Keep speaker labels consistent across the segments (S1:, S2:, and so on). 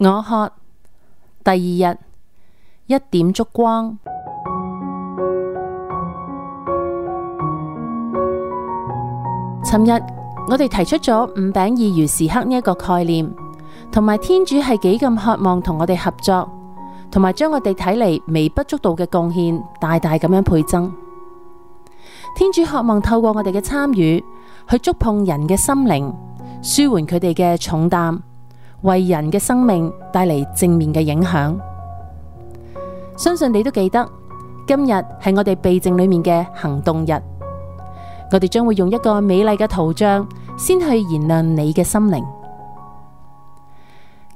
S1: 我渴第二日一點燭光。尋日我哋提出咗五餅二魚時刻呢一個概念，同埋天主係幾咁渴望同我哋合作，同埋將我哋睇嚟微不足道嘅貢獻大大咁樣倍增。天主渴望透過我哋嘅參與去觸碰人嘅心靈，舒緩佢哋嘅重擔。為人嘅生命帶嚟正面嘅影響，相信你都記得。今日係我哋避靜裏面嘅行動日，我哋將會用一個美麗嘅圖像先去燃亮你嘅心靈。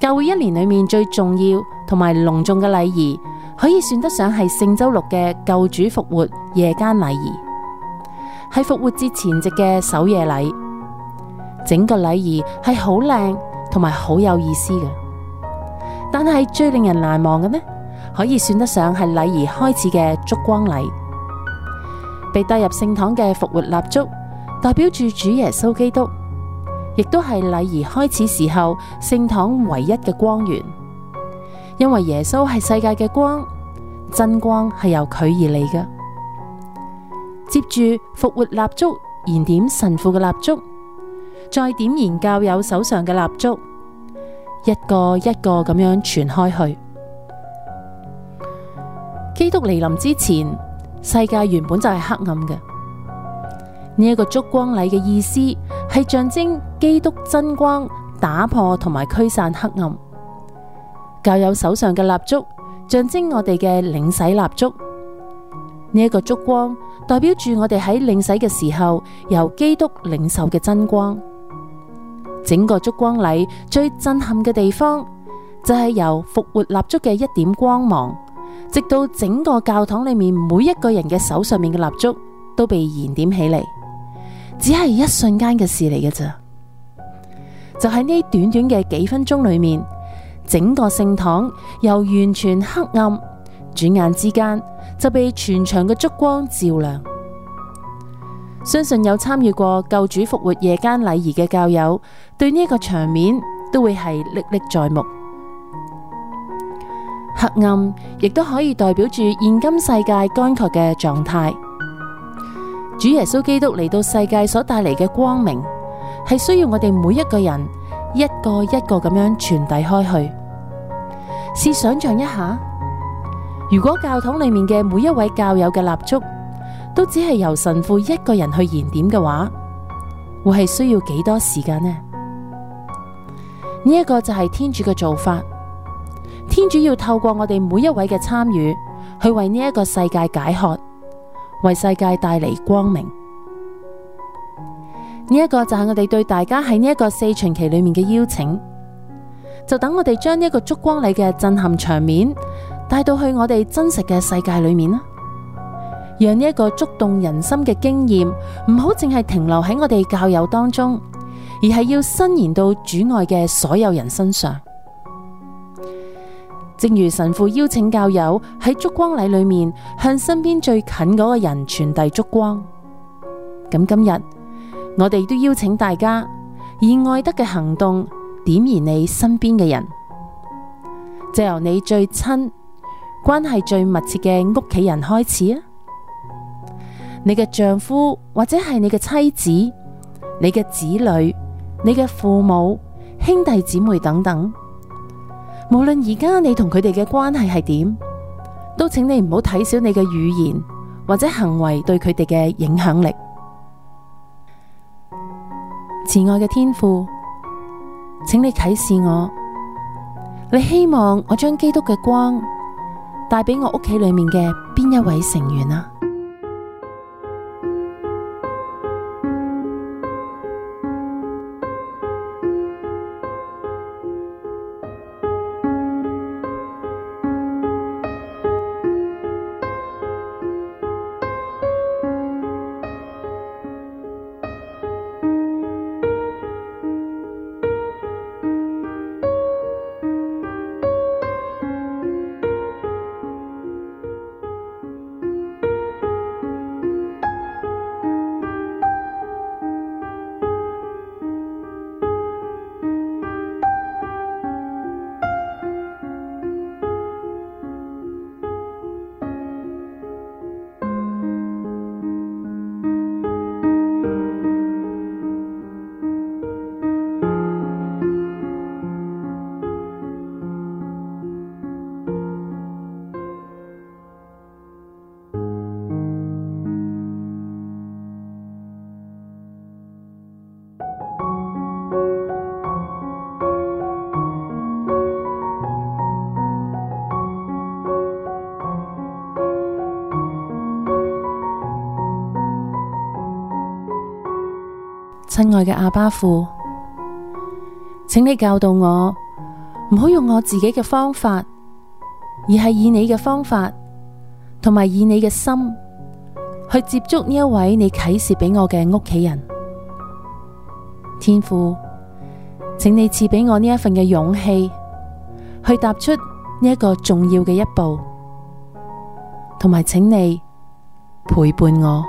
S1: 教會一年裏面最重要同埋隆重嘅禮儀，可以算得上係聖週六嘅救主復活夜間禮儀，係復活節前夕嘅守夜禮。整個禮儀係好靚。同埋好有意思嘅，但係最令人難忘嘅呢，可以算得上係禮儀開始嘅燭光禮。被帶入聖堂嘅復活蠟燭，代表住主耶穌基督，亦都係禮儀開始時候聖堂唯一嘅光源，因為耶穌係世界嘅光，真光係由佢而嚟嘅。接住復活蠟燭燃點神父嘅蠟燭，再點燃教友手上嘅蠟燭。一個一個咁樣傳開去。基督來臨之前，世界原本就係黑暗嘅。呢一個燭光禮嘅意思係象徵基督真光打破同埋驅散黑暗。教友手上嘅蠟燭象徵我哋嘅領洗蠟燭。呢一個燭光代表住我哋喺領洗嘅時候由基督領受嘅真光。整個燭光禮最震撼嘅地方，就係由復活蠟燭嘅一點光芒，直到整個教堂裏面每一個人嘅手上面嘅蠟燭都被燃點起嚟，只係一瞬間嘅事嚟嘅咋。就喺呢短短嘅幾分鐘裏面，整個聖堂由完全黑暗，轉眼之間就被全場嘅燭光照亮。相信有參與過救主復活夜間禮儀嘅教友，對呢個場面都會係歷歷在目。黑暗亦都可以代表住現今世界乾涸嘅狀態。主耶穌基督嚟到世界所帶嚟嘅光明，係需要我哋每一個人一個一個咁樣傳遞開去。試想像一下，如果教堂裏面嘅每一位教友嘅蠟燭。都只係由神父一個人去燃點嘅話，會係需要幾多時間呢？呢一個就係天主嘅做法，天主要透過我哋每一位嘅參與，去為呢一個世界解渴，為世界帶嚟光明。呢一個就係我哋對大家喺呢一個四旬期裏面嘅邀請，就等我哋將呢一個燭光禮嘅震撼場面帶到去我哋真實嘅世界裏面啦。讓呢個觸動人心嘅經驗唔好淨係停留喺我哋教友當中，而係要伸延到主愛嘅所有人身上。正如神父邀請教友喺燭光禮裏面向身邊最近嗰個人傳遞燭光，咁今日我哋都邀請大家以愛德嘅行動點燃你身邊嘅人，就由你最親、關係最密切嘅屋企人開始啊！你嘅丈夫或者係你嘅妻子、你嘅子女、你嘅父母、兄弟姊妹等等，無論而家你同佢哋嘅關係係點，都請你唔好睇小你嘅語言或者行為對佢哋嘅影響力。慈愛嘅天父，請你啟示我，你希望我將基督嘅光帶俾我屋企裏面嘅邊一位成員啊？親愛嘅阿爸父，請你教導我，唔好用我自己嘅方法，而係以你嘅方法，同埋以你嘅心去接觸呢一位你啟示俾我嘅屋企人。天父，請你賜俾我呢一份嘅勇氣，去踏出呢一個重要嘅一步，同埋請你陪伴我。